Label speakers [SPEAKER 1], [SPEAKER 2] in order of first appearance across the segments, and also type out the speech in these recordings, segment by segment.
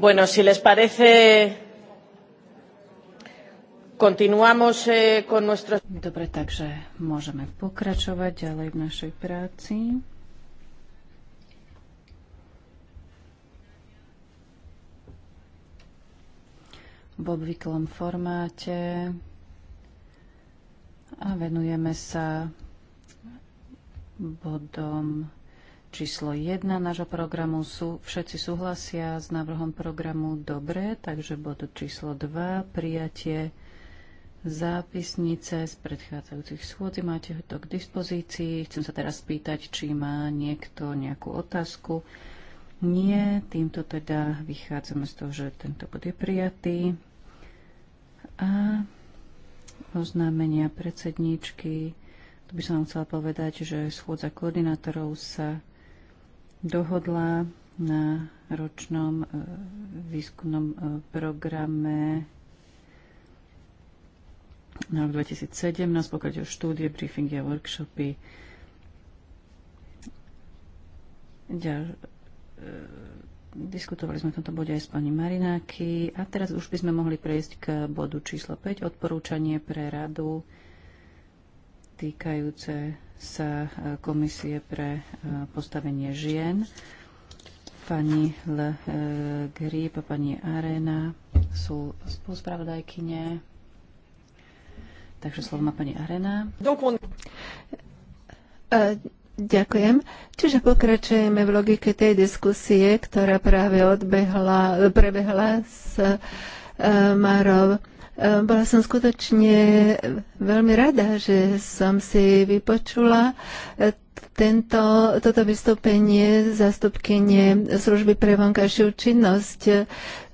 [SPEAKER 1] Bueno, si les parece, continuamos eh, con nuestro... Dobre, takže môžeme pokračovať ďalej v našej práci. V obvyklom formáte a venujeme sa bodom číslo 1 nášho programu. Sú, všetci súhlasia s návrhom programu dobre, takže bod číslo 2, prijatie zápisnice z predchádzajúcich schôdzi. Máte to k dispozícii. Chcem sa teraz spýtať, či má niekto nejakú otázku. Nie, týmto teda vychádzame z toho, že tento bod je prijatý. A oznámenia predsedníčky. Tu by som vám chcela povedať, že schôdza koordinátorov sa dohodla na ročnom e, výskumnom e, programe na rok 2017, pokiaľ o štúdie, briefingy a workshopy. Ďal, e, diskutovali sme v tomto bode aj s pani Marináky a teraz už by sme mohli prejsť k bodu číslo 5, odporúčanie pre radu týkajúce sa e, Komisie pre e, postavenie žien, pani Le Grip a pani Arena sú spoluspravodajkyne. Takže slovo má pani Arena. E,
[SPEAKER 2] ďakujem. Čiže pokračujeme v logike tej diskusie, ktorá práve odbehla, prebehla s Marov. Ehm, bola som skutočne veľmi rada, že som si vypočula e, tento, toto vystúpenie zastupkynie služby pre vonkajšiu činnosť.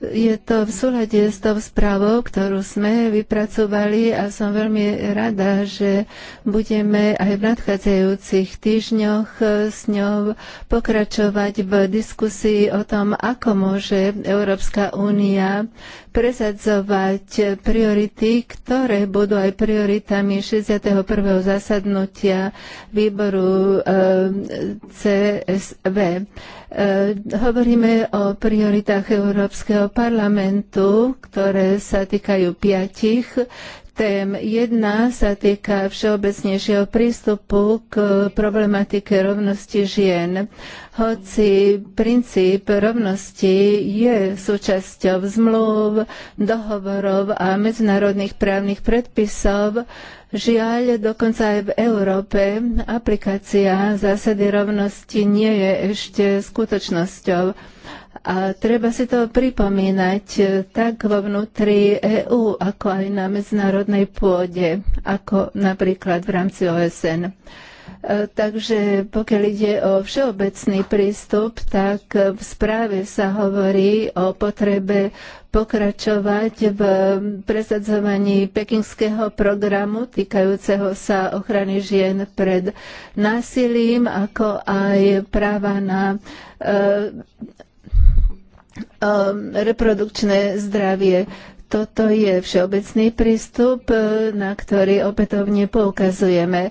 [SPEAKER 2] Je to v súlade s tou správou, ktorú sme vypracovali a som veľmi rada, že budeme aj v nadchádzajúcich týždňoch eh, s ňou pokračovať v diskusii o tom, ako môže Európska únia presadzovať priority, ktoré budú aj prioritami 61. zasadnutia výboru eh, CSV. Eh, hovoríme o prioritách Európskeho parlamentu, ktoré sa týkajú piatich tém. Jedna sa týka všeobecnejšieho prístupu k problematike rovnosti žien. Hoci princíp rovnosti je súčasťou zmluv, dohovorov a medzinárodných právnych predpisov, Žiaľ, dokonca aj v Európe aplikácia zásady rovnosti nie je ešte skutočnosťou. A treba si to pripomínať e, tak vo vnútri EÚ, ako aj na medzinárodnej pôde, ako napríklad v rámci OSN. E, takže pokiaľ ide o všeobecný prístup, tak v správe sa hovorí o potrebe pokračovať v presadzovaní pekingského programu týkajúceho sa ochrany žien pred násilím, ako aj práva na e, Ehm, reprodukčné zdravie. Toto je všeobecný prístup, e, na ktorý opätovne poukazujeme. E,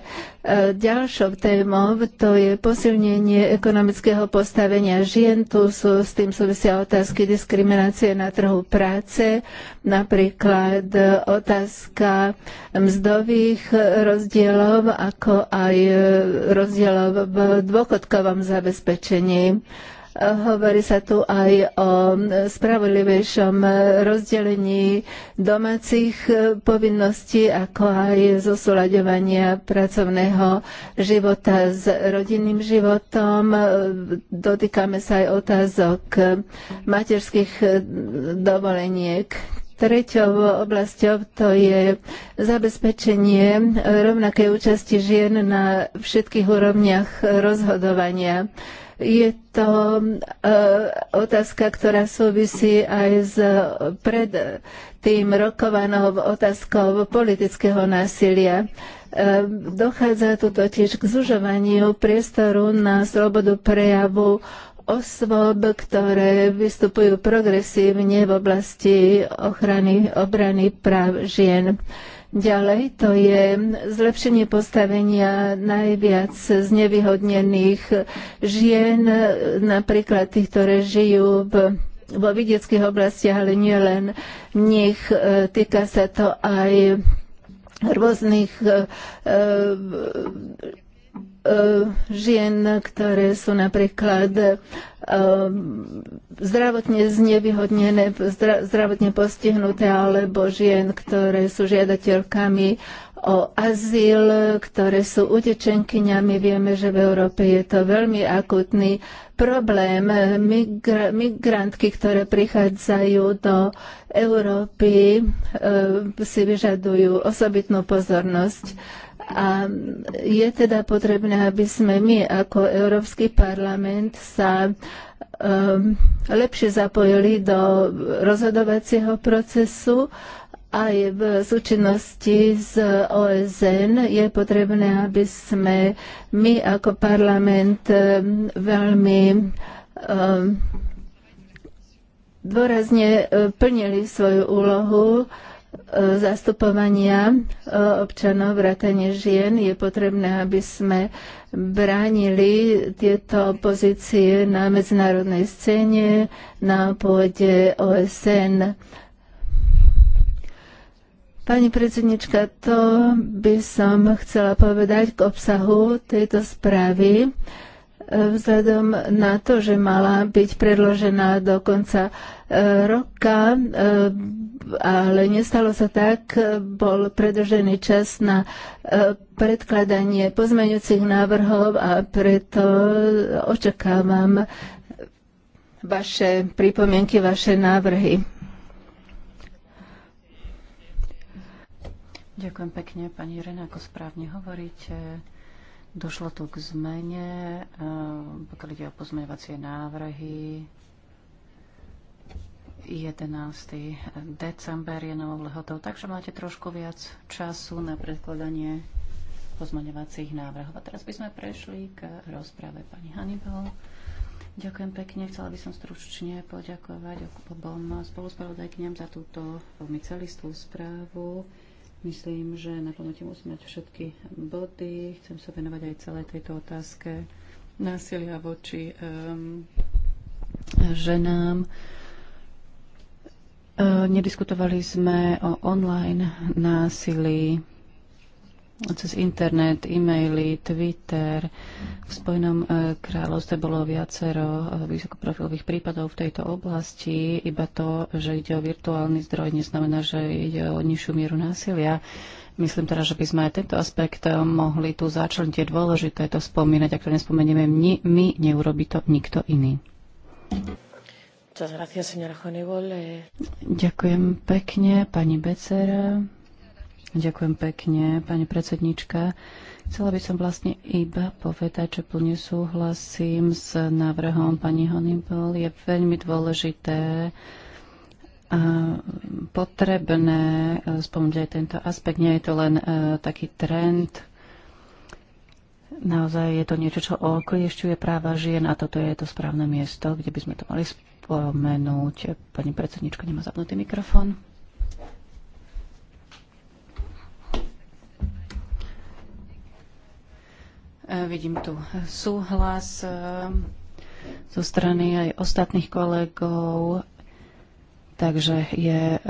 [SPEAKER 2] ďalšou témou to je posilnenie ekonomického postavenia žien. Tu sú s tým súvisia otázky diskriminácie na trhu práce, napríklad otázka mzdových rozdielov, ako aj e, rozdielov v dôchodkovom zabezpečení Hovorí sa tu aj o spravodlivejšom rozdelení domácich povinností, ako aj zosúľaďovania pracovného života s rodinným životom. Dotýkame sa aj otázok materských dovoleniek. Treťou oblasťou to je zabezpečenie rovnakej účasti žien na všetkých úrovniach rozhodovania. Je to e, otázka, ktorá súvisí aj s pred tým rokovanou otázkou politického násilia. E, dochádza tu totiž k zužovaniu priestoru na slobodu prejavu osôb, ktoré vystupujú progresívne v oblasti ochrany obrany práv žien. Ďalej to je zlepšenie postavenia najviac znevýhodnených žien, napríklad tých, ktoré žijú v vo vidieckých oblastiach, ale nie len nich. E, týka sa to aj rôznych e, Eh, žien, ktoré sú napríklad eh, zdravotne znevýhodnené, zdravotne postihnuté, alebo žien, ktoré sú žiadateľkami o azyl, ktoré sú utečenkyňami. Vieme, že v Európe je to veľmi akutný problém. Migra- migrantky, ktoré prichádzajú do Európy, eh, si vyžadujú osobitnú pozornosť a je teda potrebné, aby sme my ako Európsky parlament sa um, lepšie zapojili do rozhodovacieho procesu aj v súčinnosti s OSN je potrebné, aby sme my ako parlament um, veľmi um, dôrazne uh, plnili svoju úlohu zastupovania e, občanov, vrátane žien, je potrebné, aby sme bránili tieto pozície na medzinárodnej scéne, na pôde OSN. Pani predsednička, to by som chcela povedať k obsahu tejto správy. Uh, vzhľadom na to, že mala byť predložená do konca e, roka, e, ale nestalo sa tak, e, bol predlžený čas na predkladanie pozmeňujúcich návrhov a preto očakávam vaše pripomienky, vaše návrhy. Ďakujem pekne,
[SPEAKER 1] pani Irena, ako správne hovoríte. Došlo tu k zmene, eh, pokiaľ ide o pozmeňovacie návrhy. 11. december je novou lehotou, takže máte trošku viac času na predkladanie pozmeňovacích návrhov. A teraz by sme prešli k rozprave pani Hannibal. Ďakujem pekne. Chcela by som stručne poďakovať obom spoluspravodajkňam za túto veľmi celistú správu. Myslím, že na pamäti musím mať všetky body. Chcem sa venovať aj celej tejto otázke násilia voči um, ženám. Uh, nediskutovali sme o online násilí cez internet, e-maily, Twitter. V Spojenom e, kráľovstve bolo viacero e, vysokoprofilových prípadov v tejto oblasti. Iba to, že ide o virtuálny zdroj, neznamená, že ide o nižšiu mieru násilia. Myslím teda, že by sme aj tento aspekt e, mohli tu začať. Je dôležité to spomínať. Ak to nespomenieme my, my neurobi to nikto iný. Eh, Ďakujem pekne, pani Becera. Ďakujem pekne, pani predsednička. Chcela by som vlastne iba povedať, že plne súhlasím s návrhom pani Honeyball. Je veľmi dôležité a potrebné e, spomenúť aj tento aspekt. Nie je to len e, taký trend, naozaj je to niečo, čo okliešťuje práva žien a toto je to správne miesto, kde by sme to mali spomenúť. Pani predsednička nemá zapnutý mikrofón. E, vidím tu súhlas e, zo strany aj ostatných kolegov, takže je e,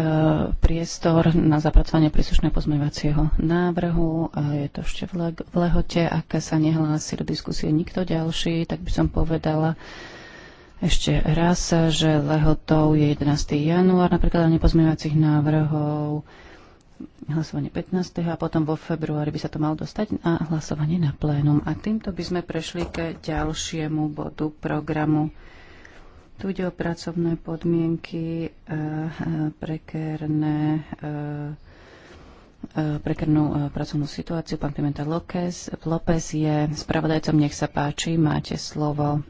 [SPEAKER 1] priestor na zapracovanie príslušného pozmeňovacieho návrhu. Je to ešte v lehote. Ak sa nehlási do diskusie nikto ďalší, tak by som povedala, ešte raz, že lehotou je 11. január na prekladanie pozmeňovacích návrhov hlasovanie 15. a potom vo februári by sa to malo dostať na hlasovanie na plénum. A týmto by sme prešli ke ďalšiemu bodu programu. Tu ide o pracovné podmienky, eh, prekerné, eh, eh, prekernú pracovnú situáciu. Pán Pimenta López, López je spravodajcom, nech sa páči, máte slovo.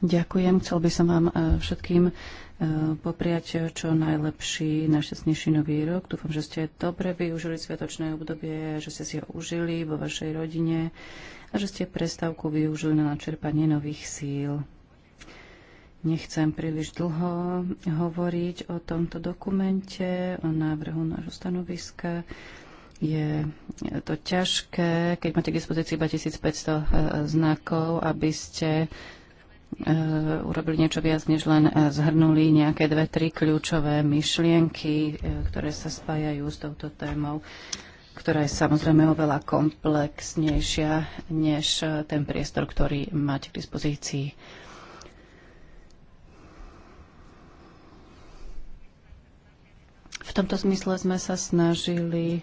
[SPEAKER 1] Ďakujem. Chcel by som vám všetkým Eh, popriať eh, čo najlepší, najšťastnejší nový rok. Dúfam, že ste dobre využili sviatočné obdobie, že ste si ho užili vo vašej rodine a že ste prestavku využili na načerpanie nových síl. Nechcem príliš dlho hovoriť o tomto dokumente, o návrhu nášho stanoviska. Je to ťažké, keď máte k dispozícii iba 1500 eh, znakov, aby ste Eh, urobili niečo viac, než len eh, zhrnuli nejaké dve, tri kľúčové myšlienky, eh, ktoré sa spájajú s touto témou, ktorá je samozrejme oveľa komplexnejšia než ten priestor, ktorý máte k dispozícii. V tomto zmysle sme sa snažili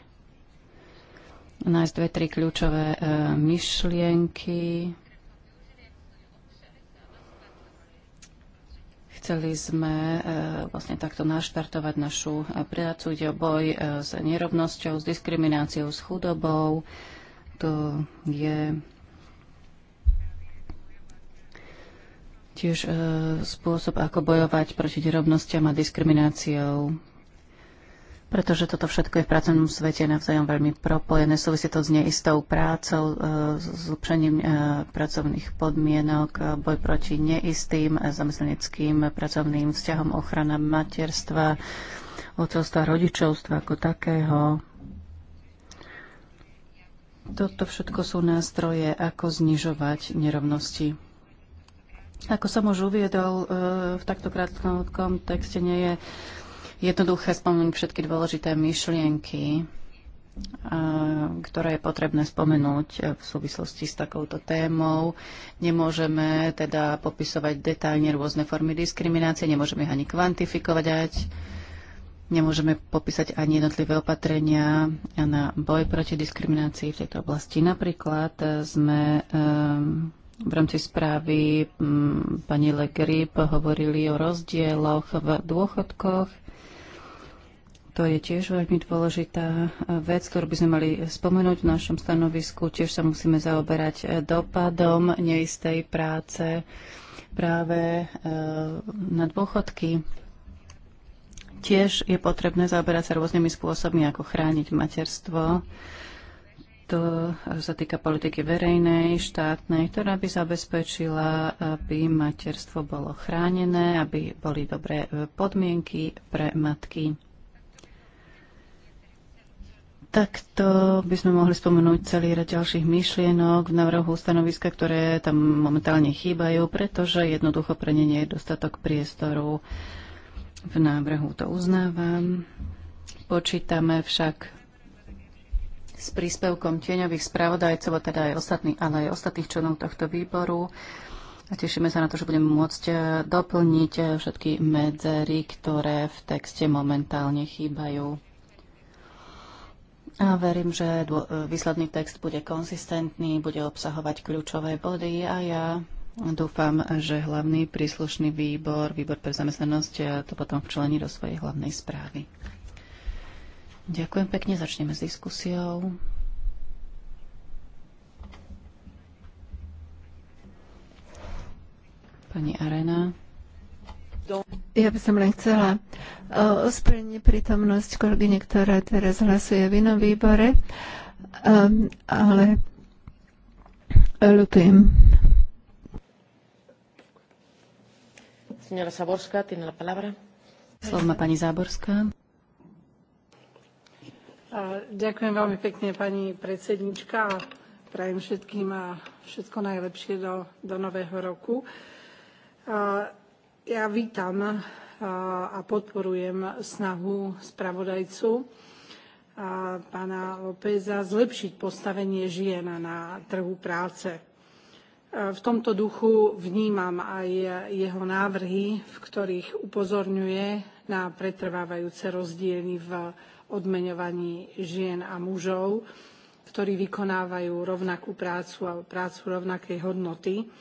[SPEAKER 1] nájsť dve, tri kľúčové myšlienky, Chceli sme e, vlastne takto naštartovať našu e, prácu. Ide o boj e, s nerovnosťou, s diskrimináciou, s chudobou. To je tiež spôsob, ako bojovať proti nerovnostiam a diskrimináciou pretože toto všetko je v pracovnom svete navzájom veľmi propojené. Súvisí to s neistou prácou, e, s zlepšením e, pracovných podmienok, e, boj proti neistým zamestnaneckým pracovným vzťahom, ochrana materstva, otcovstva, rodičovstva ako takého. Toto všetko sú nástroje, ako znižovať nerovnosti. Ako som už uviedol, v takto krátkom texte nie je jednoduché spomenúť všetky dôležité myšlienky, ktoré je potrebné spomenúť v súvislosti s takouto témou. Nemôžeme teda popisovať detailne rôzne formy diskriminácie, nemôžeme ich ani kvantifikovať, nemôžeme popísať ani jednotlivé opatrenia na boj proti diskriminácii v tejto oblasti. Napríklad sme v rámci správy pani Le Grip hovorili o rozdieloch v dôchodkoch to je tiež veľmi dôležitá eh, vec, ktorú by sme mali spomenúť v našom stanovisku. Tiež sa musíme zaoberať eh, dopadom neistej práce práve eh, na dôchodky. Tiež je potrebné zaoberať sa rôznymi spôsobmi, ako chrániť materstvo. To sa týka politiky verejnej, štátnej, ktorá by zabezpečila, aby materstvo bolo chránené, aby boli dobré podmienky pre matky. Takto by sme mohli spomenúť celý rad ďalších myšlienok v návrhu stanoviska, ktoré tam momentálne chýbajú, pretože jednoducho pre ne nie je dostatok priestoru. V návrhu to uznávam. Počítame však s príspevkom tieňových spravodajcov, teda aj ostatných, ale aj ostatných členov tohto výboru. A tešíme sa na to, že budeme môcť doplniť všetky medzery, ktoré v texte momentálne chýbajú. A verím, že e, výsledný text bude konzistentný, bude obsahovať kľúčové body a ja dúfam, že hlavný príslušný výbor, výbor pre zamestnanosť, e, to potom včlení do svojej hlavnej správy. Ďakujem pekne, začneme s diskusiou. Pani Arena.
[SPEAKER 2] Ja by som len chcela eh, ospravedlniť prítomnosť kolegyne, ktorá teraz hlasuje v inom výbore, ehm, ale ľutujem.
[SPEAKER 1] Signora Saborská, tiene la palabra. Slovo má pani Záborská.
[SPEAKER 3] Ďakujem veľmi pekne, pani predsednička. Prajem všetkým a všetko najlepšie do, do nového roku. Ja vítam a podporujem snahu spravodajcu pána Lópeza zlepšiť postavenie žien na trhu práce. V tomto duchu vnímam aj jeho návrhy, v ktorých upozorňuje na pretrvávajúce rozdiely v odmeňovaní žien a mužov, ktorí vykonávajú rovnakú prácu a prácu rovnakej hodnoty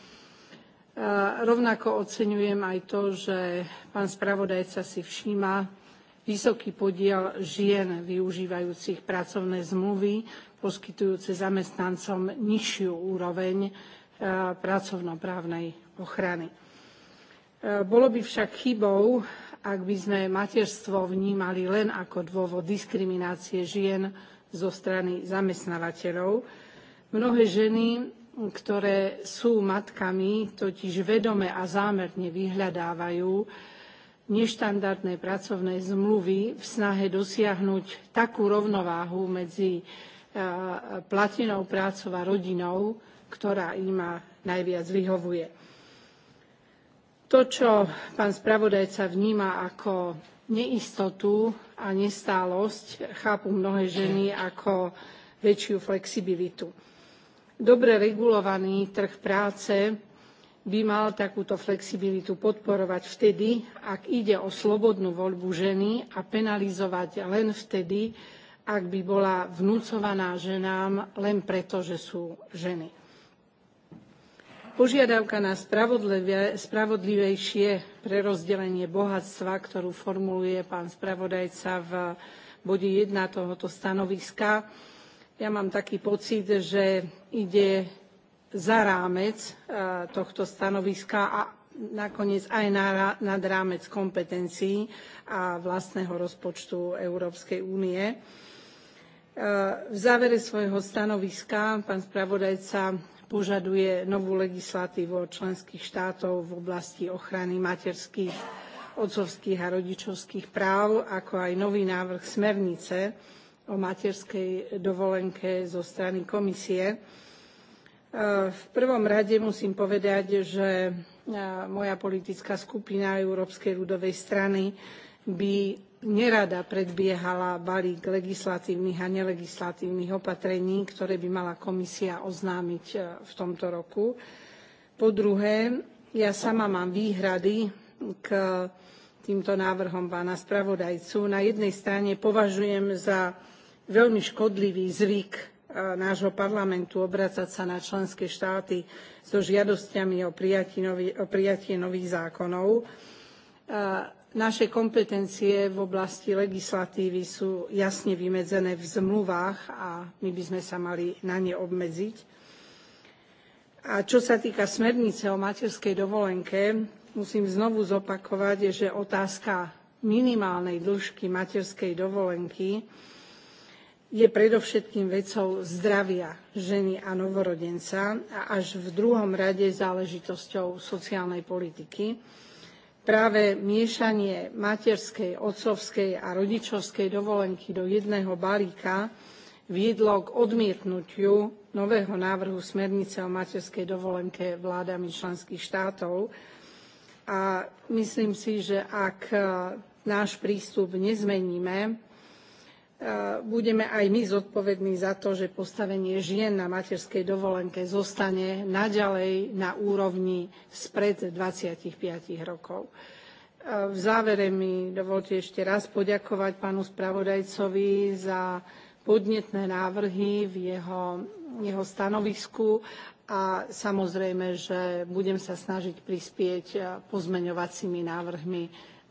[SPEAKER 3] Rovnako oceňujem aj to, že pán spravodajca si všíma vysoký podiel žien využívajúcich pracovné zmluvy, poskytujúce zamestnancom nižšiu úroveň e, pracovnoprávnej ochrany. E, bolo by však chybou, ak by sme materstvo vnímali len ako dôvod diskriminácie žien zo strany zamestnávateľov. Mnohé ženy ktoré sú matkami, totiž vedome a zámerne vyhľadávajú neštandardné pracovné zmluvy v snahe dosiahnuť takú rovnováhu medzi e, platinou prácou a rodinou, ktorá im najviac vyhovuje. To, čo pán spravodajca vníma ako neistotu a nestálosť, chápu mnohé ženy ako väčšiu flexibilitu Dobre regulovaný trh práce by mal takúto flexibilitu podporovať vtedy, ak ide o slobodnú voľbu ženy a penalizovať len vtedy, ak by bola vnúcovaná ženám len preto, že sú ženy. Požiadavka na spravodlivejšie prerozdelenie bohatstva, ktorú formuluje pán spravodajca v bode 1 tohoto stanoviska, ja mám taký pocit, že ide za rámec e, tohto stanoviska a nakoniec aj nad rámec kompetencií a vlastného rozpočtu Európskej únie. E, v závere svojho stanoviska pán spravodajca požaduje novú legislatívu od členských štátov v oblasti ochrany materských, otcovských a rodičovských práv, ako aj nový návrh smernice o materskej dovolenke zo strany komisie. E, v prvom rade musím povedať, že e, moja politická skupina Európskej ľudovej strany by nerada predbiehala balík legislatívnych a nelegislatívnych opatrení, ktoré by mala komisia oznámiť e, v tomto roku. Po druhé, ja sama mám výhrady k týmto návrhom pána spravodajcu. Na jednej strane považujem za veľmi škodlivý zvyk e, nášho parlamentu obracať sa na členské štáty so žiadosťami o prijatie, nový, o prijatie nových zákonov. E, naše kompetencie v oblasti legislatívy sú jasne vymedzené v zmluvách a my by sme sa mali na ne obmedziť. A čo sa týka smernice o materskej dovolenke, musím znovu zopakovať, že otázka minimálnej dĺžky materskej dovolenky je predovšetkým vecou zdravia ženy a novorodenca a až v druhom rade záležitosťou sociálnej politiky. Práve miešanie materskej, otcovskej a rodičovskej dovolenky do jedného balíka viedlo k odmietnutiu nového návrhu smernice o materskej dovolenke vládami členských štátov. A myslím si, že ak náš prístup nezmeníme, E, budeme aj my zodpovední za to, že postavenie žien na materskej dovolenke zostane naďalej na úrovni spred five rokov. E, v závere mi dovolte ešte raz poďakovať pánu spravodajcovi za podnetné návrhy v jeho, jeho stanovisku a samozrejme, že budem sa snažiť prispieť pozmeňovacími návrhmi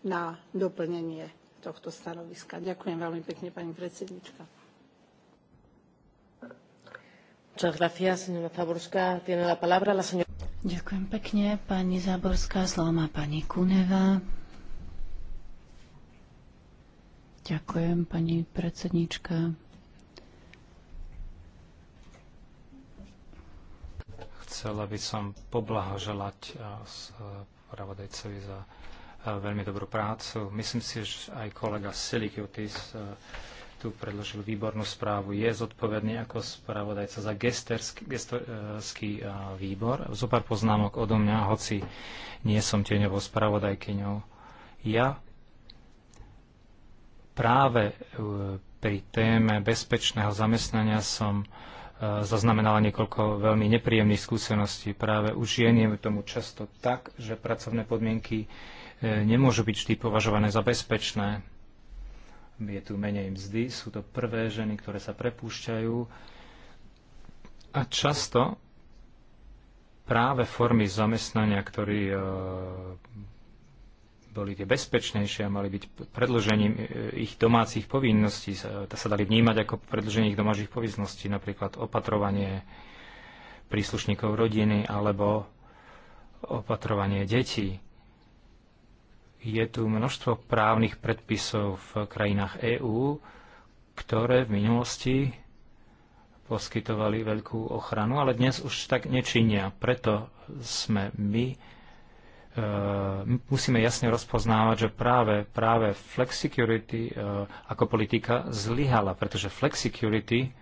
[SPEAKER 3] na doplnenie tohto stanoviska. Ďakujem veľmi pekne, pani predsednička.
[SPEAKER 1] Ďakujem pekne. Pani Záborská, slovo má pani Kuneva. Ďakujem, pani predsednička.
[SPEAKER 4] Chcela by som poblahoželať eh, eh, spravodajcovi za veľmi dobrú prácu. Myslím si, že aj kolega Silikiotis e, tu predložil výbornú správu. Je zodpovedný ako spravodajca za gesterský, gesterský výbor. Zopár poznámok odo mňa, hoci nie som tieňovou spravodajkyňou. Ja práve e, pri téme bezpečného zamestnania som e, zaznamenala niekoľko veľmi nepríjemných skúseností. Práve už žien je tomu často tak, že pracovné podmienky E, nemôžu byť vždy považované za bezpečné. Je tu menej mzdy, sú to prvé ženy, ktoré sa prepúšťajú. A často práve formy zamestnania, ktoré e, boli tie bezpečnejšie a mali byť predlžením e, ich domácich povinností, sa, sa dali vnímať ako predlženie ich domácich povinností, napríklad opatrovanie príslušníkov rodiny alebo opatrovanie detí je tu množstvo právnych predpisov v krajinách EÚ, ktoré v minulosti poskytovali veľkú ochranu, ale dnes už tak nečinia. Preto sme my e, musíme jasne rozpoznávať, že práve, práve flexicurity e, ako politika zlyhala, pretože flexicurity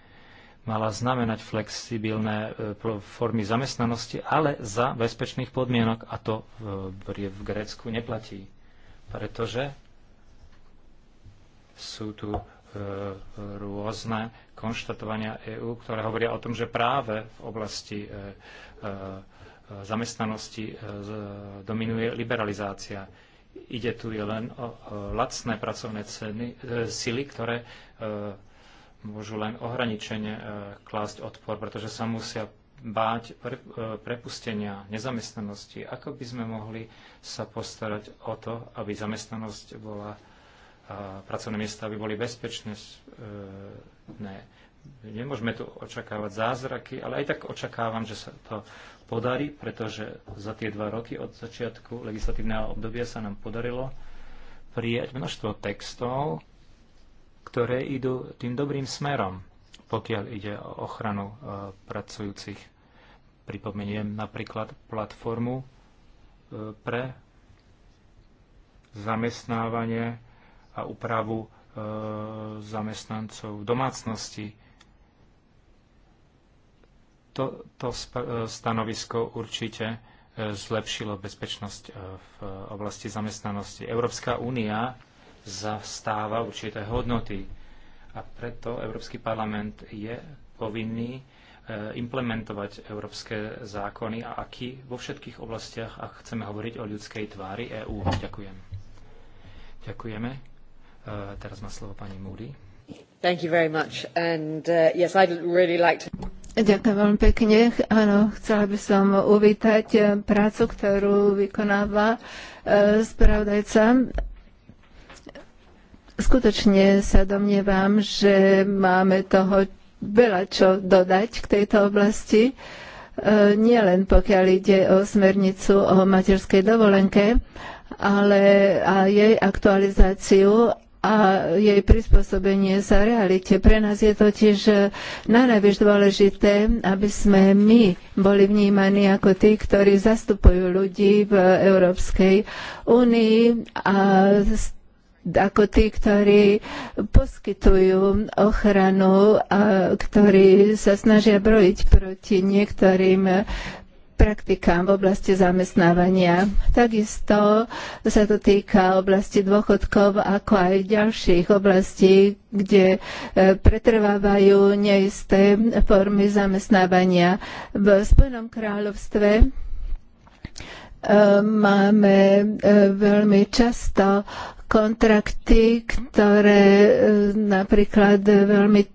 [SPEAKER 4] mala znamenať flexibilné e, formy zamestnanosti, ale za bezpečných podmienok a to v, v Grécku neplatí pretože sú tu e, rôzne konštatovania EÚ, ktoré hovoria o tom, že práve v oblasti e, e, zamestnanosti dominuje liberalizácia. Ide tu len o lacné pracovné ceny, sily, ktoré môžu len ohraničene klásť odpor, pretože sa musia báť pre, e, prepustenia, nezamestnanosti? Ako by sme mohli sa postarať o to, aby zamestnanosť bola, a e, pracovné miesta aby boli bezpečné? E, ne. Nemôžeme tu očakávať zázraky, ale aj tak očakávam, že sa to podarí, pretože za tie dva roky od začiatku legislatívneho obdobia sa nám podarilo prijať množstvo textov, ktoré idú tým dobrým smerom pokiaľ ide o ochranu e, pracujúcich. Pripomeniem napríklad platformu e, pre zamestnávanie a úpravu e, zamestnancov v domácnosti. toto stanovisko určite zlepšilo bezpečnosť v oblasti zamestnanosti. Európska únia zastáva určité hodnoty a preto Európsky parlament je povinný e, implementovať európske zákony a aký vo všetkých oblastiach, ak chceme hovoriť o ľudskej tvári EÚ. Ďakujem. Ďakujeme. E, teraz má slovo pani Moody.
[SPEAKER 2] Thank you very much. And uh, yes, I'd really like to... Ďakujem veľmi pekne. Áno, chcela by som uvítať e, prácu, ktorú vykonáva spravodajca Skutočne sa domnievam, že máme toho veľa čo dodať k tejto oblasti, e, nielen pokiaľ ide o smernicu o materskej dovolenke, ale a jej aktualizáciu a jej prispôsobenie sa realite. Pre nás je totiž najviac dôležité, aby sme my boli vnímaní ako tí, ktorí zastupujú ľudí v Európskej únii a ako tí, ktorí poskytujú ochranu a ktorí sa snažia brojiť proti niektorým praktikám v oblasti zamestnávania. Takisto sa to týka oblasti dôchodkov, ako aj ďalších oblastí, kde e, pretrvávajú neisté formy zamestnávania. V Spojenom kráľovstve e, máme e, veľmi často kontrakty, ktoré e, napríklad veľmi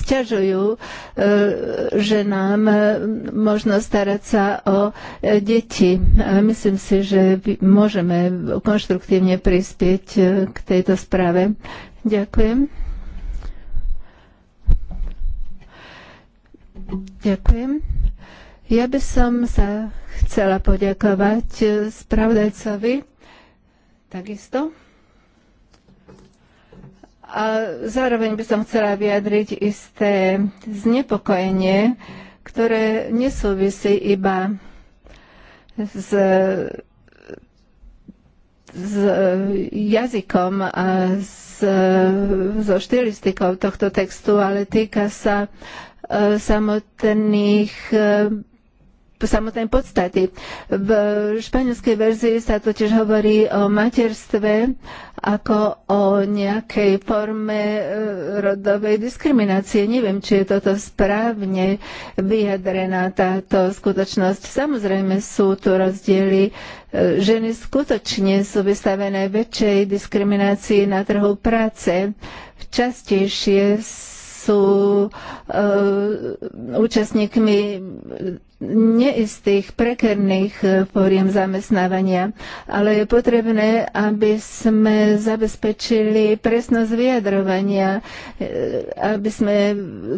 [SPEAKER 2] sťažujú e, ženám možno starať sa o deti. Ale myslím si, že môžeme konštruktívne prispieť e, k tejto správe. Ďakujem. Ďakujem. Ja by som sa chcela poďakovať spravodajcovi takisto. A zároveň by som chcela vyjadriť isté znepokojenie, ktoré nesúvisí iba s s jazykom a s, so štilistikou tohto textu, ale týka sa e, samotných e, samotnej podstaty. V španielskej verzii sa totiž hovorí o materstve ako o nejakej forme e, rodovej diskriminácie. Neviem, či je toto správne vyjadrená táto skutočnosť. Samozrejme sú tu rozdiely. E, ženy skutočne sú vystavené väčšej diskriminácii na trhu práce. Častejšie sú uh, účastníkmi neistých, prekerných eh, foriem zamestnávania, ale je potrebné, aby sme zabezpečili presnosť vyjadrovania, eh, aby sme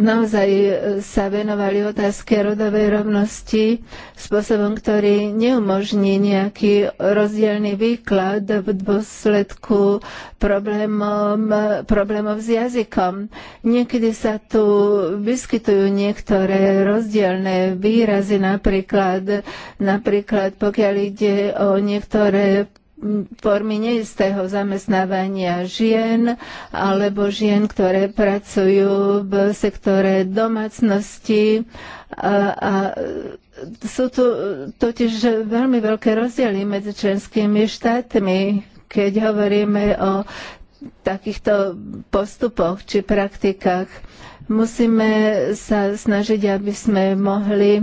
[SPEAKER 2] naozaj eh, sa venovali otázke rodovej rovnosti spôsobom, ktorý neumožní nejaký rozdielný výklad v dôsledku problémom, problémov s jazykom. Niekedy sa tu vyskytujú niektoré rozdielne výrazy, že napríklad, napríklad pokiaľ ide o niektoré formy neistého zamestnávania žien alebo žien, ktoré pracujú v sektore domácnosti a, a sú tu totiž veľmi veľké rozdiely medzi členskými štátmi, keď hovoríme o takýchto postupoch či praktikách. Musíme sa snažiť, aby sme mohli e, e,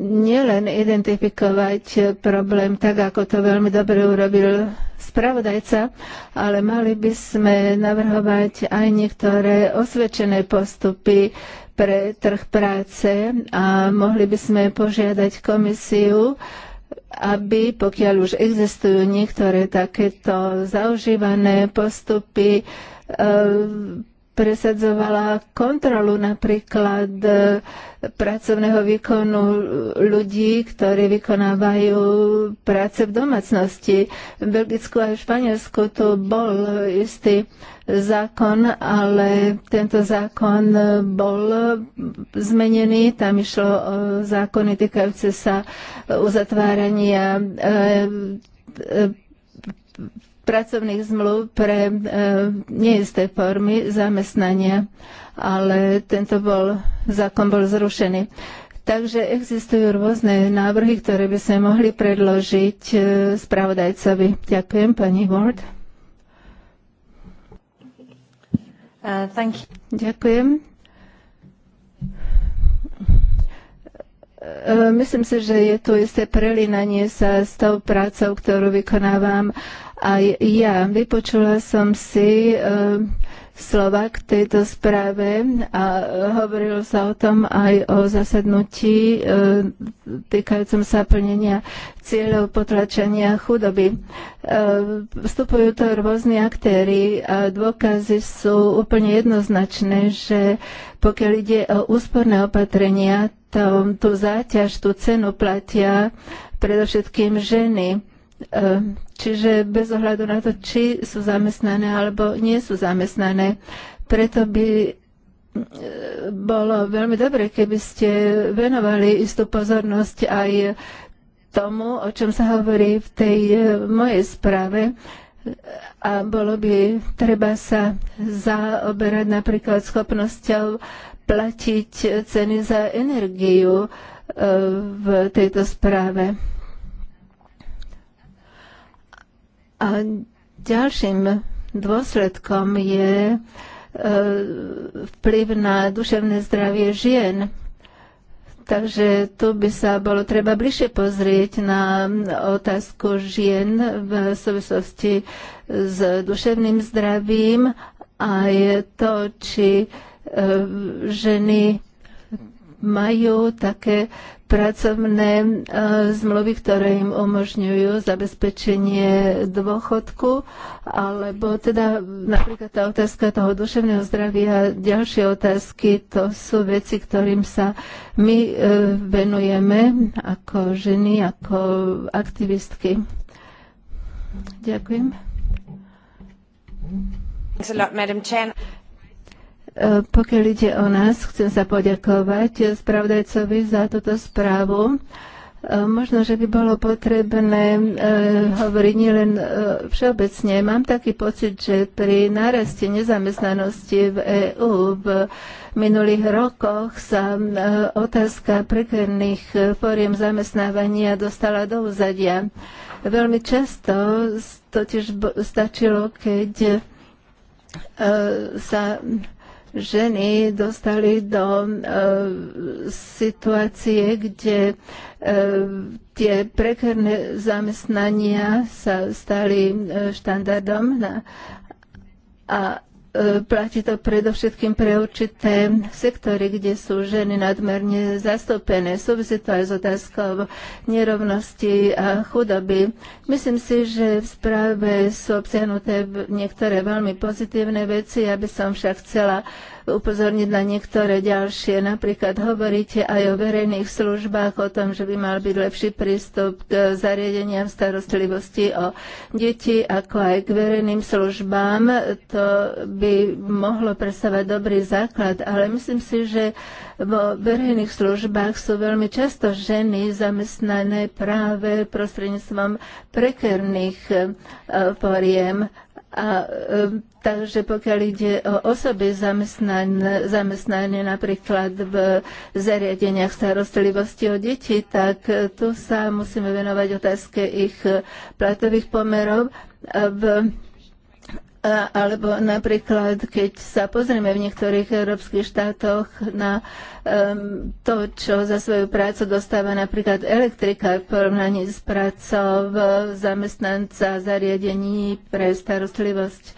[SPEAKER 2] nielen identifikovať problém tak, ako to veľmi dobre urobil spravodajca, ale mali by sme navrhovať aj niektoré osvedčené postupy pre trh práce a mohli by sme požiadať komisiu, aby pokiaľ už existujú niektoré takéto zaužívané postupy, e, presadzovala kontrolu napríklad e, pracovného výkonu ľudí, ktorí vykonávajú práce v domácnosti. V Belgicku a Španielsku to bol istý zákon, ale tento zákon bol zmenený. Tam išlo o zákony týkajúce sa uzatvárania e, e, pracovných zmluv pre e, neisté formy zamestnania, ale tento bol, zákon bol zrušený. Takže existujú rôzne návrhy, ktoré by sme mohli predložiť spravodajcovi. Ďakujem, pani Ward. Uh, Ďakujem. Uh, myslím si, že je tu isté prelinanie sa s tou prácou, ktorú vykonávam aj ja. Vypočula som si uh, slova k tejto správe a e, hovorilo sa o tom aj o zasadnutí e, týkajúcom sa plnenia cieľov potlačenia chudoby. E, vstupujú to rôzni aktéry a dôkazy sú úplne jednoznačné, že pokiaľ ide o úsporné opatrenia, tú záťaž, tú cenu platia predovšetkým ženy Ehm, čiže bez ohľadu na to, či sú zamestnané alebo nie sú zamestnané. Preto by ehm, bolo veľmi dobre, keby ste venovali istú pozornosť aj tomu, o čom sa hovorí v tej ehm, mojej správe. A bolo by treba sa zaoberať napríklad schopnosťou platiť ceny za energiu v tejto správe. A ďalším dôsledkom je e, vplyv na duševné zdravie žien. Takže tu by sa bolo treba bližšie pozrieť na otázku žien v súvislosti s duševným zdravím a je to, či e, ženy majú také pracovné e, zmluvy, ktoré im umožňujú zabezpečenie dôchodku, alebo teda napríklad tá otázka toho duševného zdravia, ďalšie otázky, to sú veci, ktorým sa my e, venujeme ako ženy, ako aktivistky. Ďakujem.
[SPEAKER 3] Thanks a lot, Madam Chair.
[SPEAKER 2] E, pokiaľ ide o nás, chcem sa poďakovať spravodajcovi za túto správu. E, možno, že by bolo potrebné e, hovoriť nielen všeobecne. Mám taký pocit, že pri náraste nezamestnanosti v EÚ v minulých rokoch sa otázka prekerných fóriem zamestnávania dostala do uzadia. Veľmi často totiž stačilo, keď sa ženy dostali do e, situácie, kde e, tie prekerné zamestnania sa stali e, štandardom a E, platí to predovšetkým pre určité sektory, kde sú ženy nadmerne zastúpené. Súvisí to aj s otázkou nerovnosti a chudoby. Myslím si, že v správe sú obsiahnuté niektoré veľmi pozitívne veci. Ja by som však chcela upozorniť na niektoré ďalšie. Napríklad hovoríte aj o verejných službách, o tom, že by mal byť lepší prístup k zariadeniam starostlivosti o deti, ako aj k verejným službám. To by by mohlo predstavať dobrý základ, ale myslím si, že vo verejných službách sú veľmi často ženy zamestnané práve prostredníctvom prekerných e, poriem a, e, takže pokiaľ ide o osoby zamestnané napríklad v zariadeniach starostlivosti o deti, tak e, tu sa musíme venovať otázke ich e, platových pomerov. V alebo napríklad, keď sa pozrieme v niektorých európskych štátoch na to, čo za svoju prácu dostáva napríklad elektrika v porovnaní s prácou zamestnanca zariadení pre starostlivosť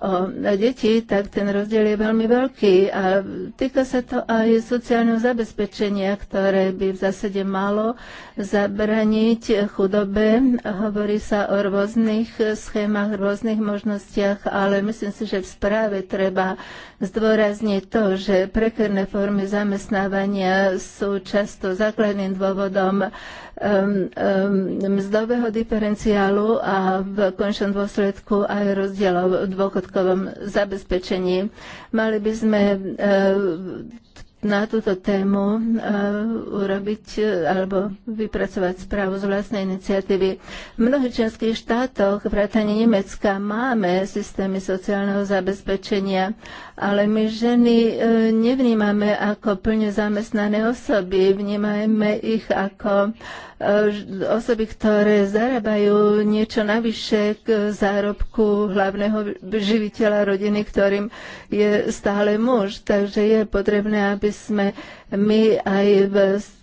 [SPEAKER 2] o deti, tak ten rozdiel je veľmi veľký a týka sa to aj sociálneho zabezpečenia, ktoré by v zásade malo zabraniť chudobe. Hovorí sa o rôznych schémach, rôznych možnostiach, ale myslím si, že v správe treba zdôrazniť to, že prekerné formy zamestnávania sú často základným dôvodom mzdového diferenciálu a v končnom dôsledku aj rozdielov v dôchodkovom zabezpečení. Mali by sme na túto tému e, urobiť e, alebo vypracovať správu z vlastnej iniciatívy. V mnohých členských štátoch, vrátane Nemecka, máme systémy sociálneho zabezpečenia, ale my ženy e, nevnímame ako plne zamestnané osoby, vnímame ich ako osoby, ktoré zarábajú niečo navyše k zárobku hlavného živiteľa rodiny, ktorým je stále muž. Takže je potrebné, aby aby sme my aj v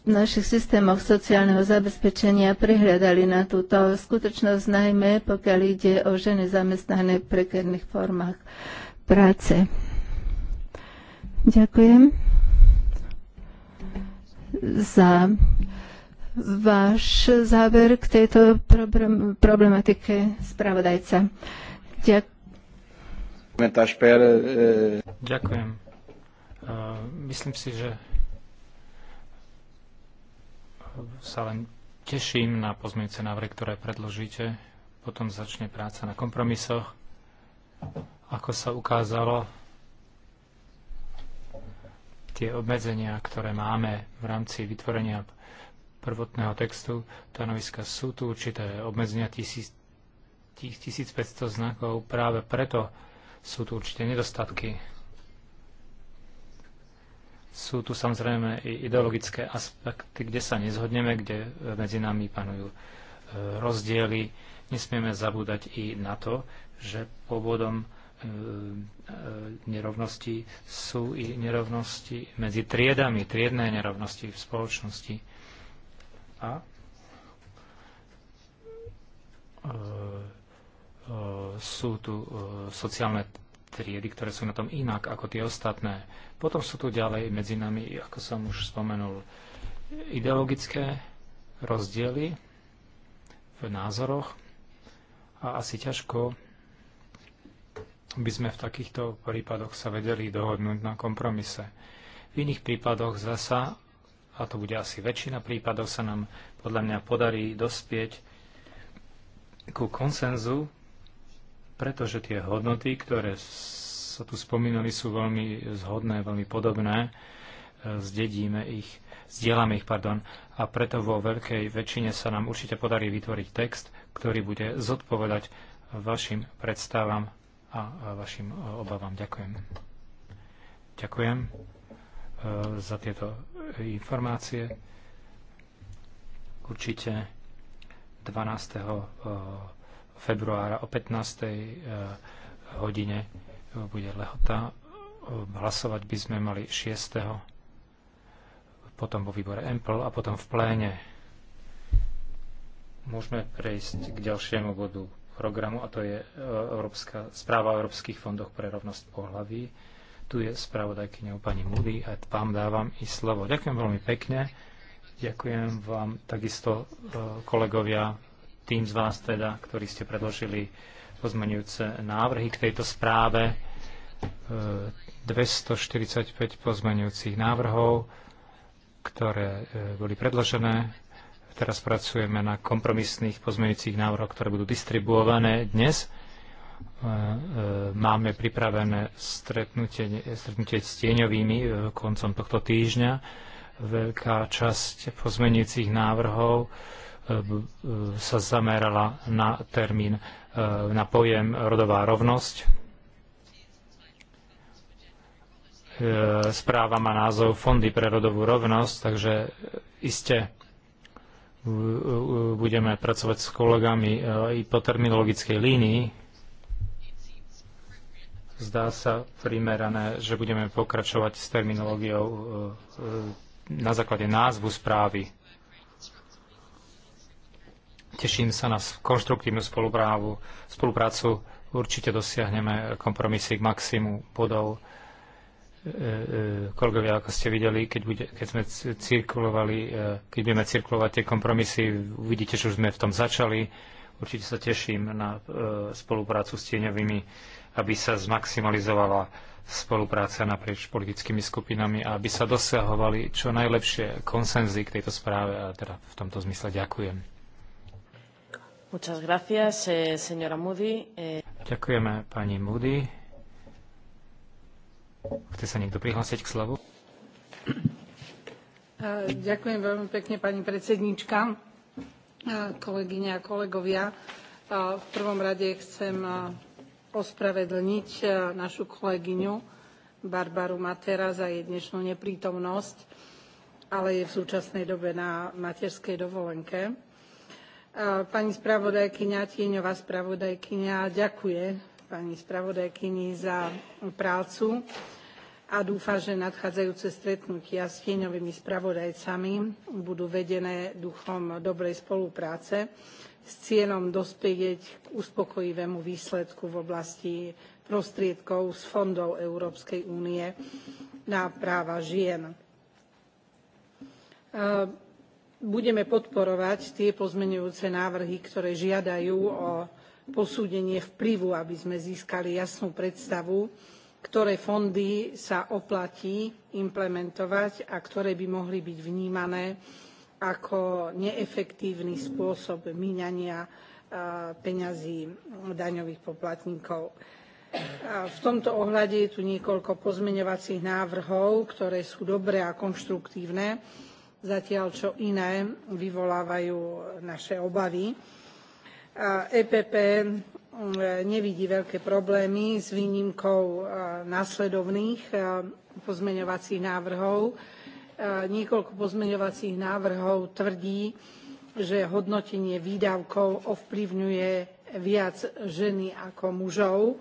[SPEAKER 2] našich systémoch sociálneho zabezpečenia prehľadali na túto skutočnosť, najmä pokiaľ ide o ženy zamestnané v prekerných formách práce. Ďakujem za váš záver k tejto problematike spravodajca. E-
[SPEAKER 4] Ďakujem. Ďakujem. Myslím si, že sa len teším na pozmeňujúce návrhy, ktoré predložíte. Potom začne práca na kompromisoch. Ako sa ukázalo, tie obmedzenia, ktoré máme v rámci vytvorenia prvotného textu stanoviska sú tu určité obmedzenia 1500 znakov. Práve preto sú tu určité nedostatky sú tu samozrejme i ideologické aspekty, kde sa nezhodneme, kde medzi nami panujú e, rozdiely. Nesmieme zabúdať i na to, že pôvodom e, e, nerovnosti sú i nerovnosti medzi triedami, triedné nerovnosti v spoločnosti. A sú tu sociálne triedy, ktoré sú na tom inak ako tie ostatné. Potom sú tu ďalej medzi nami, ako som už spomenul, ideologické rozdiely v názoroch a asi ťažko by sme v takýchto prípadoch sa vedeli dohodnúť na kompromise. V iných prípadoch zasa, a to bude asi väčšina prípadov, sa nám podľa mňa podarí dospieť ku konsenzu, pretože tie hodnoty, ktoré sa tu spomínali, sú veľmi zhodné, veľmi podobné. E, Zdedíme ich, zdieľame ich, pardon, a preto vo veľkej väčšine sa nám určite podarí vytvoriť text, ktorý bude zodpovedať vašim predstavám a vašim e, obavám. Ďakujem. Ďakujem e, za tieto informácie. Určite 12 februára o 15. Eh, hodine bude lehota. Hlasovať by sme mali 6. potom vo výbore EMPL a potom v pléne. Môžeme prejsť k ďalšiemu bodu programu a to je eh, Európska, správa o európskych fondoch pre rovnosť pohlaví. Tu je spravodajkyňou pani Mudy a vám dávam i slovo. Ďakujem veľmi pekne. Ďakujem vám takisto eh, kolegovia tým z vás teda, ktorí ste predložili pozmenujúce návrhy k tejto správe. 245 e, pozmenujúcich návrhov, ktoré e, boli predložené. Teraz pracujeme na kompromisných pozmenujúcich návrhoch, ktoré budú distribuované dnes. E, máme pripravené stretnutie, stretnutie s tieňovými koncom tohto týždňa. Veľká časť pozmenujúcich návrhov sa zamerala na termín, e, na pojem rodová rovnosť. E, správa má názov Fondy pre rodovú rovnosť, takže iste budeme pracovať s kolegami e, i po terminologickej línii. Zdá sa primerané, že budeme pokračovať s terminológiou na základe názvu správy Teším sa na konštruktívnu spoluprávu, spoluprácu. Určite dosiahneme kompromisy k maximu bodov. E, e, kolegovia, ako ste videli, keď, bude, keď sme cirkulovali, e, keď budeme cirkulovať tie kompromisy, uvidíte, že už sme v tom začali. Určite sa teším na spoluprácu s tieňovými, aby sa zmaximalizovala spolupráca naprieč politickými skupinami a aby sa dosahovali čo najlepšie konsenzy k tejto správe. A teda v tomto zmysle ďakujem.
[SPEAKER 1] Gracias, eh, eh,
[SPEAKER 4] Ďakujeme pani Moody. Chce sa niekto prihlásiť k slovu?
[SPEAKER 3] Eh, ďakujem veľmi pekne, pani predsednička, eh, kolegyne a kolegovia. V prvom rade chcem ospravedlniť našu kolegyňu Barbaru Matera za jej dnešnú neprítomnosť, ale je v súčasnej dobe na materskej dovolenke Pani spravodajkyňa, tieňová spravodajkyňa ďakuje pani spravodajkyni za prácu a dúfa, že nadchádzajúce stretnutia s tieňovými spravodajcami budú vedené duchom dobrej spolupráce s cieľom dospieť k uspokojivému výsledku v oblasti prostriedkov z fondov Európskej únie na práva žien budeme podporovať tie pozmeňujúce návrhy, ktoré žiadajú o posúdenie vplyvu, aby sme získali jasnú predstavu, ktoré fondy sa oplatí implementovať a ktoré by mohli byť vnímané ako neefektívny spôsob míňania e, peňazí daňových poplatníkov. E, v tomto ohľade je tu niekoľko pozmeňovacích návrhov, ktoré sú dobré a konštruktívne zatiaľ čo iné vyvolávajú naše obavy. EPP mm, nevidí veľké problémy s výnimkou e, následovných e, pozmeňovacích návrhov. E, niekoľko pozmeňovacích návrhov tvrdí, že hodnotenie výdavkov ovplyvňuje viac ženy ako mužov.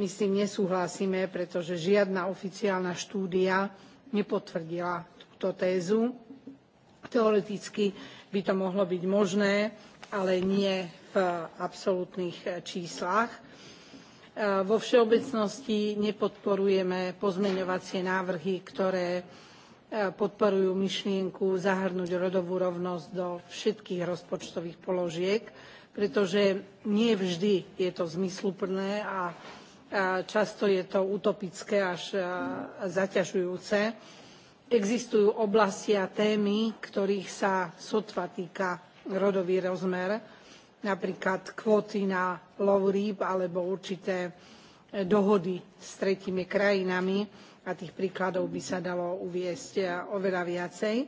[SPEAKER 3] My s tým nesúhlasíme, pretože žiadna oficiálna štúdia nepotvrdila túto tézu Teoreticky by to mohlo byť možné, ale nie v absolútnych eh, číslach. Eh, vo všeobecnosti nepodporujeme pozmeňovacie návrhy, ktoré eh, podporujú myšlienku zahrnúť rodovú rovnosť do všetkých rozpočtových položiek, pretože nie vždy je to zmysluplné a často je to utopické až zaťažujúce existujú oblasti a témy, ktorých sa sotva týka rodový rozmer, napríklad kvóty na lov rýb alebo určité e, dohody s tretími krajinami a tých príkladov by sa dalo uviesť e, oveľa viacej. E,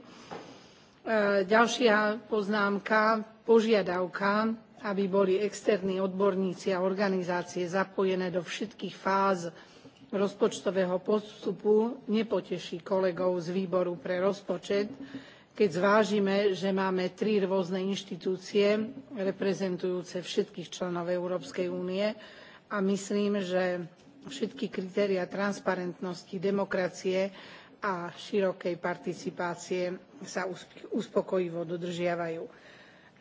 [SPEAKER 3] ďalšia poznámka, požiadavka, aby boli externí odborníci a organizácie zapojené do všetkých fáz rozpočtového postupu nepoteší kolegov z výboru pre rozpočet keď zvážime že máme tri rôzne inštitúcie reprezentujúce všetkých členov európskej únie a myslím že všetky kritéria transparentnosti demokracie a širokej participácie sa uspokojivo dodržiavajú.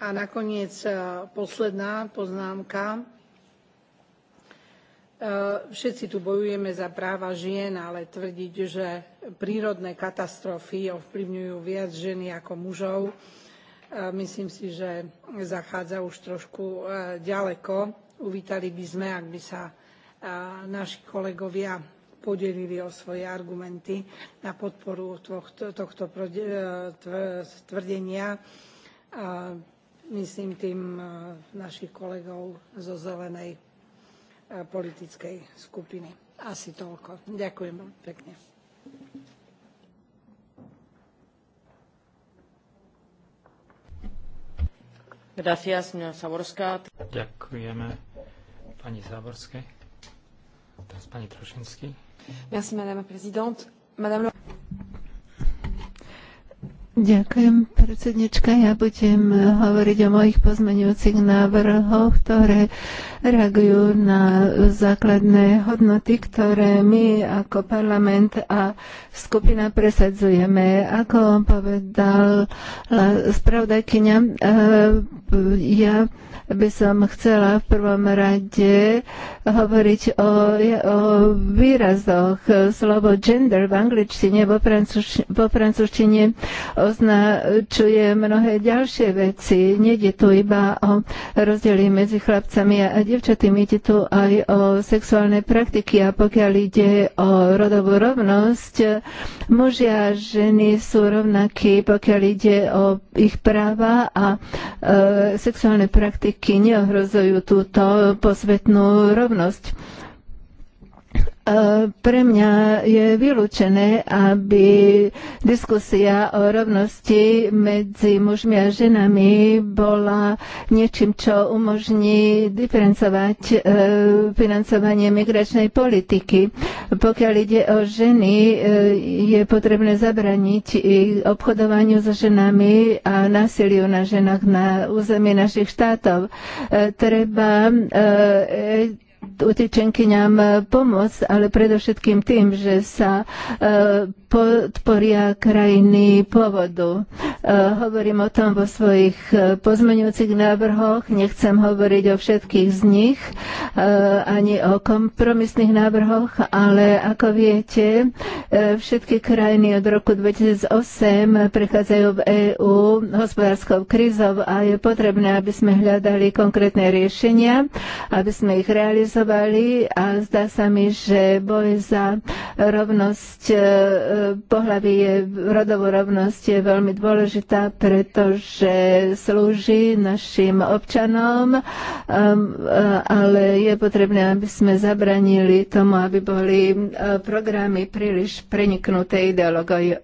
[SPEAKER 3] a nakoniec eh, posledná poznámka E, všetci tu bojujeme za práva žien, ale tvrdiť, že prírodné katastrofy ovplyvňujú viac ženy ako mužov, e, myslím si, že zachádza už trošku e, ďaleko. Uvítali by sme, ak by sa naši kolegovia podelili o svoje argumenty na podporu tohto, tvrdenia. Myslím tým našich kolegov zo Zelenej E, politickej skupiny. Asi toľko. Ďakujem pekne. Gracias, Ďakujeme
[SPEAKER 4] pani Záborskej. Teraz pani Trošinský.
[SPEAKER 2] Merci, madame la présidente. Madame... Ďakujem, predsednička. Ja budem hovoriť o mojich pozmeňujúcich návrhoch, ktoré reagujú na základné hodnoty, ktoré my ako parlament a skupina presadzujeme. Ako povedal eh, spravodajkynia, eh, ja by som chcela v prvom rade hovoriť o, o výrazoch slovo gender v angličtine, vo francúzštine označuje mnohé ďalšie veci. Nede tu iba o rozdiely medzi chlapcami a devčatými, ide tu aj o sexuálne praktiky a pokiaľ ide o rodovú rovnosť, muži a ženy sú rovnakí, pokiaľ ide o ich práva a e, sexuálne praktiky neohrozujú túto posvetnú rovnosť. E, pre mňa je vylúčené, aby diskusia o rovnosti medzi mužmi a ženami bola niečím, čo umožní diferencovať e, financovanie migračnej politiky. Pokiaľ ide o ženy, e, je potrebné zabraniť ich obchodovaniu so ženami a násiliu na ženách na území našich štátov. Treba nám e, pomôcť, ale predovšetkým tým, že sa e, podporia krajiny pôvodu. E, hovorím o tom vo svojich pozmeňujúcich návrhoch, nechcem hovoriť o všetkých z nich, ani o kompromisných návrhoch, ale ako viete, všetky krajiny od roku 2008 prechádzajú v EÚ hospodárskou krízou a je potrebné, aby sme hľadali konkrétne riešenia, aby sme ich realizovali realizovali a zdá sa mi, že boj za rovnosť e, pohľavy je, rodovú rovnosť je veľmi dôležitá, pretože slúži našim občanom, e, e, ale je potrebné, aby sme zabranili tomu, aby boli programy príliš preniknuté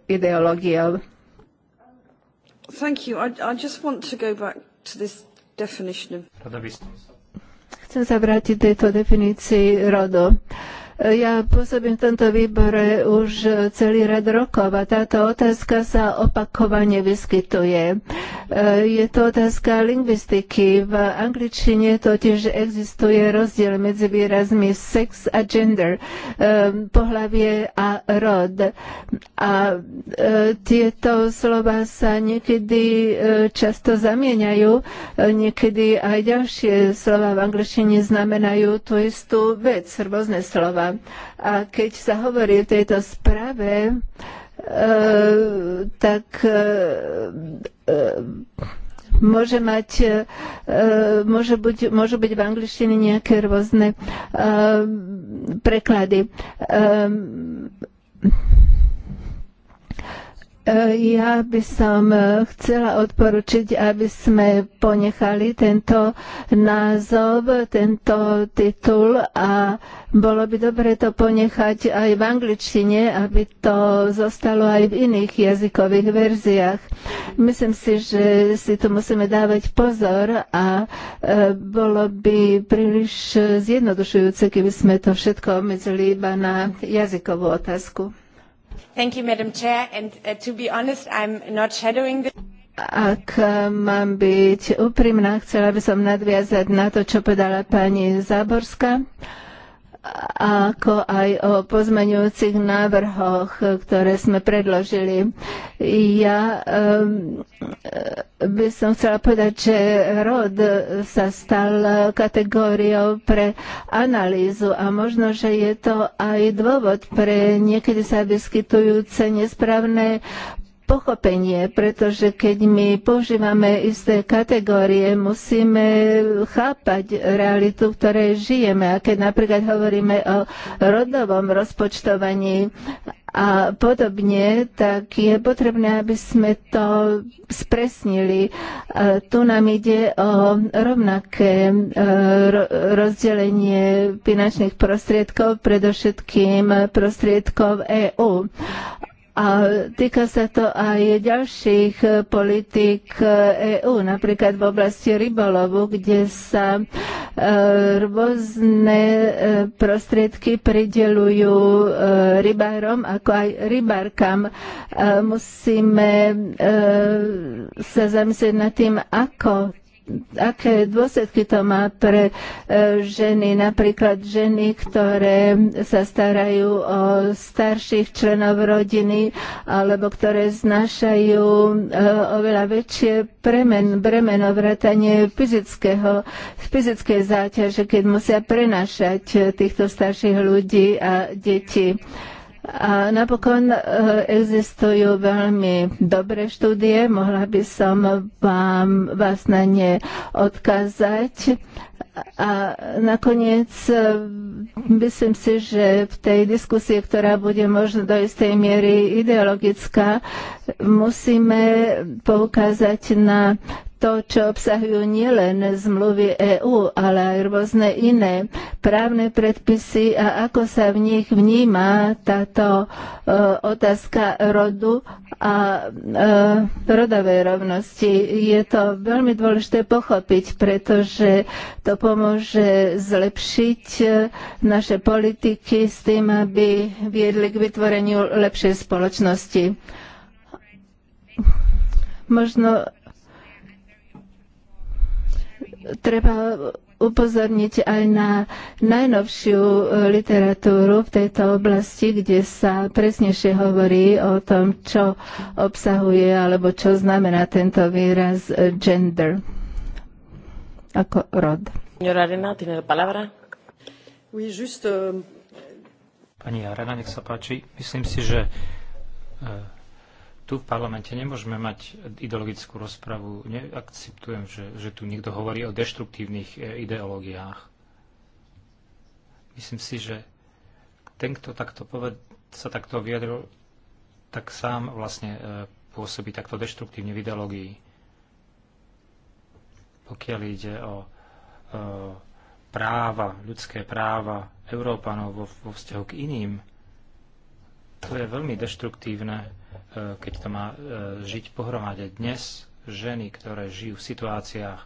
[SPEAKER 2] ideológiou.
[SPEAKER 3] Thank you. I, I just want to go back to this definition
[SPEAKER 4] of
[SPEAKER 2] chcem sa vrátiť k tejto definícii rodu. Ja pôsobím v tomto výbore už celý rad rokov a táto otázka sa opakovane vyskytuje. E, je to otázka lingvistiky. V angličtine totiž existuje rozdiel medzi výrazmi sex a gender, e, pohlavie a rod. A e, tieto slova sa niekedy často zamieňajú, niekedy aj ďalšie slova v angličtine znamenajú tú istú vec, rôzne slova. A keď sa hovorí o tejto správe, e, tak e, e môže mať, e, môže byť, môžu byť v angličtine nejaké rôzne e, preklady. Ja by som e, chcela odporučiť, aby sme ponechali tento názov, tento titul a bolo by dobre to ponechať aj v angličtine, aby to zostalo aj v iných jazykových verziách. Myslím si, že si tu musíme dávať pozor a e, bolo by príliš zjednodušujúce, keby sme to všetko obmedzili iba na jazykovú otázku. Uh, ak uh, mám byť úprimná, chcela by som nadviazať na to, čo povedala pani Záborská ako aj o pozmeňujúcich návrhoch, ktoré sme predložili. Ja e, by som chcela povedať, že rod sa stal kategóriou pre analýzu a možno, že je to aj dôvod pre niekedy sa vyskytujúce nesprávne pochopenie, pretože keď my používame isté kategórie, musíme chápať realitu, v ktorej žijeme. A keď napríklad hovoríme o rodovom rozpočtovaní a podobne, tak je potrebné, aby sme to spresnili. Tu nám ide o rovnaké e, rozdelenie finančných prostriedkov, predovšetkým prostriedkov EÚ. A týka sa to aj ďalších eh, politík EÚ, eh, e napríklad v oblasti rybolovu, kde sa eh, rôzne prostriedky pridelujú rybárom, ako aj rybárkam. Musíme sa zamyslieť nad tým, ako aké dôsledky to má pre e, ženy, napríklad ženy, ktoré sa starajú o starších členov rodiny alebo ktoré znašajú e, oveľa väčšie premen, bremeno, vrátanie fyzického, fyzické záťaže, keď musia prenašať e, týchto starších ľudí a detí. A napokon e, existujú veľmi dobré štúdie, mohla by som vám vás na ne odkázať. A nakoniec e, myslím si, že v tej diskusii, ktorá bude možno do istej miery ideologická, musíme poukázať na to, čo obsahujú nielen zmluvy EÚ, ale aj rôzne iné právne predpisy a ako sa v nich vníma táto e, otázka rodu a e, rodovej rovnosti. Je to veľmi dôležité pochopiť, pretože to pomôže zlepšiť e, naše politiky s tým, aby viedli k vytvoreniu lepšej spoločnosti. Možno treba upozorniť aj na najnovšiu e, literatúru v tejto oblasti, kde sa presnejšie hovorí o tom, čo obsahuje alebo čo znamená tento výraz e, gender ako rod.
[SPEAKER 1] Euh,
[SPEAKER 4] Pani Arena, nech sa páči. Myslím si, že e, tu v parlamente nemôžeme mať ideologickú rozpravu. Neakceptujem, že, že tu niekto hovorí o deštruktívnych e, ideológiách. Myslím si, že ten, kto takto poved, sa takto vyjadril, tak sám vlastne e, pôsobí takto deštruktívne v ideológii. Pokiaľ ide o, e, práva, ľudské práva Európanov vo, vo vzťahu k iným, to je veľmi deštruktívne E, keď to má e, žiť pohromade. Dnes ženy, ktoré žijú v situáciách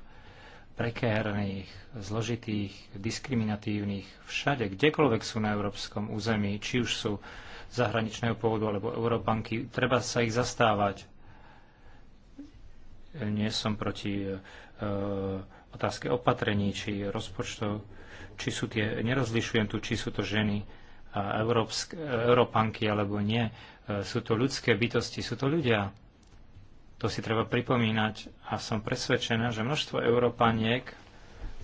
[SPEAKER 4] prekérnych, zložitých, diskriminatívnych, všade, kdekoľvek sú na európskom území, či už sú zahraničného pôvodu alebo Európanky, treba sa ich zastávať. Nie som proti e, otázke opatrení či rozpočtov, či sú tie, nerozlišujem tu, či sú to ženy a európsk, e, európanky alebo nie. E, sú to ľudské bytosti, sú to ľudia. To si treba pripomínať a som presvedčená, že množstvo Európaniek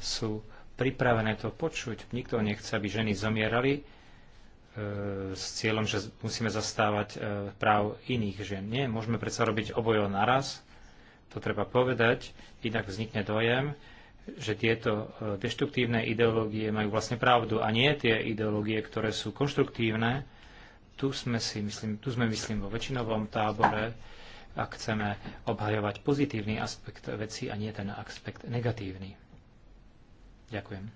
[SPEAKER 4] sú pripravené to počuť. Nikto nechce, aby ženy zomierali e, s cieľom, že musíme zastávať e, práv iných žien. Nie, môžeme predsa robiť obojo naraz, to treba povedať, inak vznikne dojem, že tieto e, deštruktívne ideológie majú vlastne pravdu a nie tie ideológie, ktoré sú konštruktívne, tu sme, si, myslím, tu sme, myslím, vo väčšinovom tábore, ak chceme obhajovať pozitívny aspekt veci a nie ten aspekt negatívny. Ďakujem.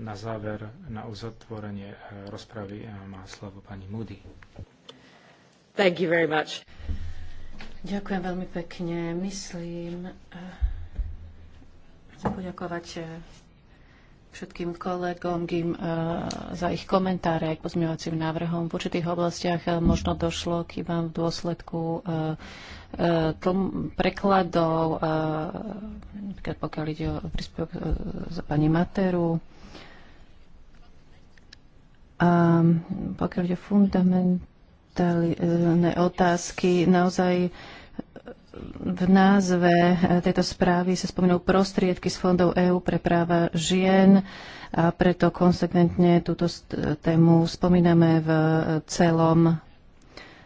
[SPEAKER 4] Na záver, na uzatvorenie eh, rozpravy eh, má slovo pani Moody.
[SPEAKER 1] Thank you very much. Ďakujem veľmi pekne. Myslím, eh, chcem poďakovať všetkým kolegom Gim eh, za ich komentáre aj k pozmeňovacím návrhom. V určitých oblastiach eh, možno došlo k vám v dôsledku eh, tlm, prekladov, uh, pokiaľ ide o príspevok za pani Materu. A pokiaľ ide o fundamentálne otázky, naozaj v názve e, tejto správy sa spomenú prostriedky z fondov EÚ pre práva žien a preto konsekventne túto e, tému spomíname v e, celom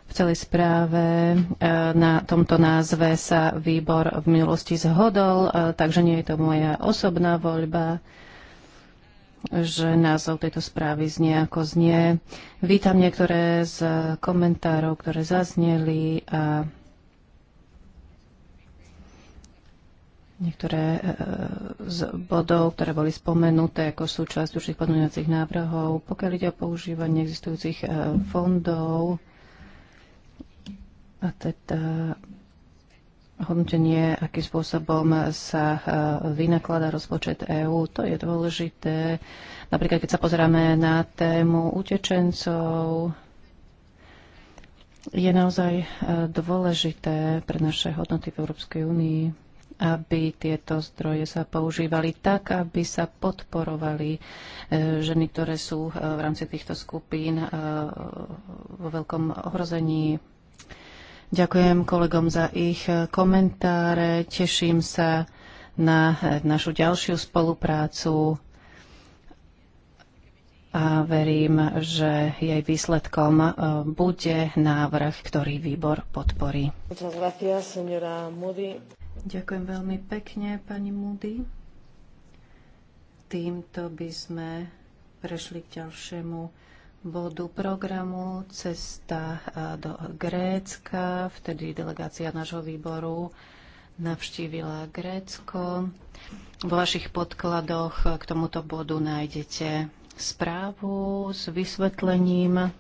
[SPEAKER 1] v celej správe na tomto názve sa výbor v minulosti zhodol, takže nie je to moja osobná voľba že názov tejto správy znie ako znie. Vítam niektoré z komentárov, ktoré zazneli a Niektoré e, z bodov, ktoré boli spomenuté ako súčasť určitých podmienujúcich návrhov, pokiaľ ide o používanie existujúcich e, fondov a teda hodnotenie, akým spôsobom sa e, vynaklada rozpočet EÚ, to je dôležité. Napríklad, keď sa pozeráme na tému utečencov, je naozaj dôležité pre naše hodnoty v Európskej únii aby tieto zdroje sa používali tak, aby sa podporovali e, ženy, ktoré sú e, v rámci týchto skupín e, vo veľkom ohrození. Ďakujem kolegom za ich komentáre. Teším sa na našu ďalšiu spoluprácu a verím, že jej výsledkom bude návrh, ktorý výbor podporí. Muchas gracias, señora Moody. Ďakujem veľmi pekne, pani Moody. Týmto by sme prešli k ďalšiemu bodu programu Cesta do Grécka. Vtedy delegácia nášho výboru navštívila Grécko. Vo vašich podkladoch k tomuto bodu nájdete správu s vysvetlením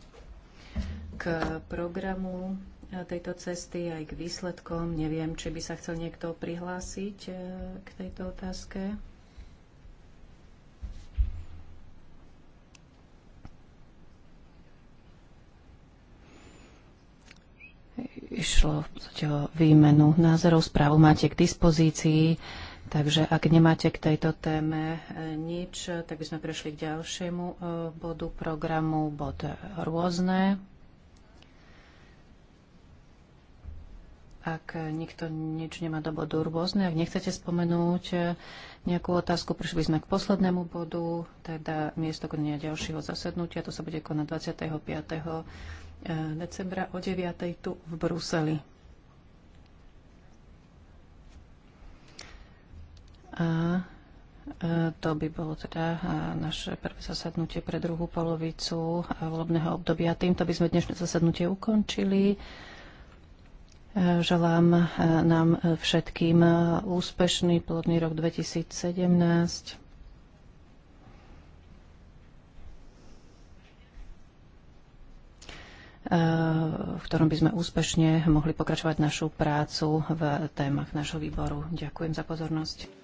[SPEAKER 1] k programu tejto cesty aj k výsledkom. Neviem, či by sa chcel niekto prihlásiť e, k tejto otázke. Išlo o výmenu názorov. Správu máte k dispozícii, takže ak nemáte k tejto téme e, nič, tak by sme prešli k ďalšiemu e, bodu programu, bod rôzne. Ak nikto nič nemá do bodu rôzne, ak nechcete spomenúť eh, nejakú otázku, prišli sme k poslednému bodu, teda miesto konania ďalšieho zasadnutia. To sa bude konať 25. Eh, decembra o 9. tu v Bruseli. A eh, to by bolo teda naše prvé zasadnutie pre druhú polovicu volebného obdobia. Týmto by sme dnešné zasadnutie ukončili. Želám e, nám e, všetkým e, úspešný plodný rok 2017. v ktorom by sme úspešne mohli pokračovať našu prácu v témach našho výboru. Ďakujem za pozornosť.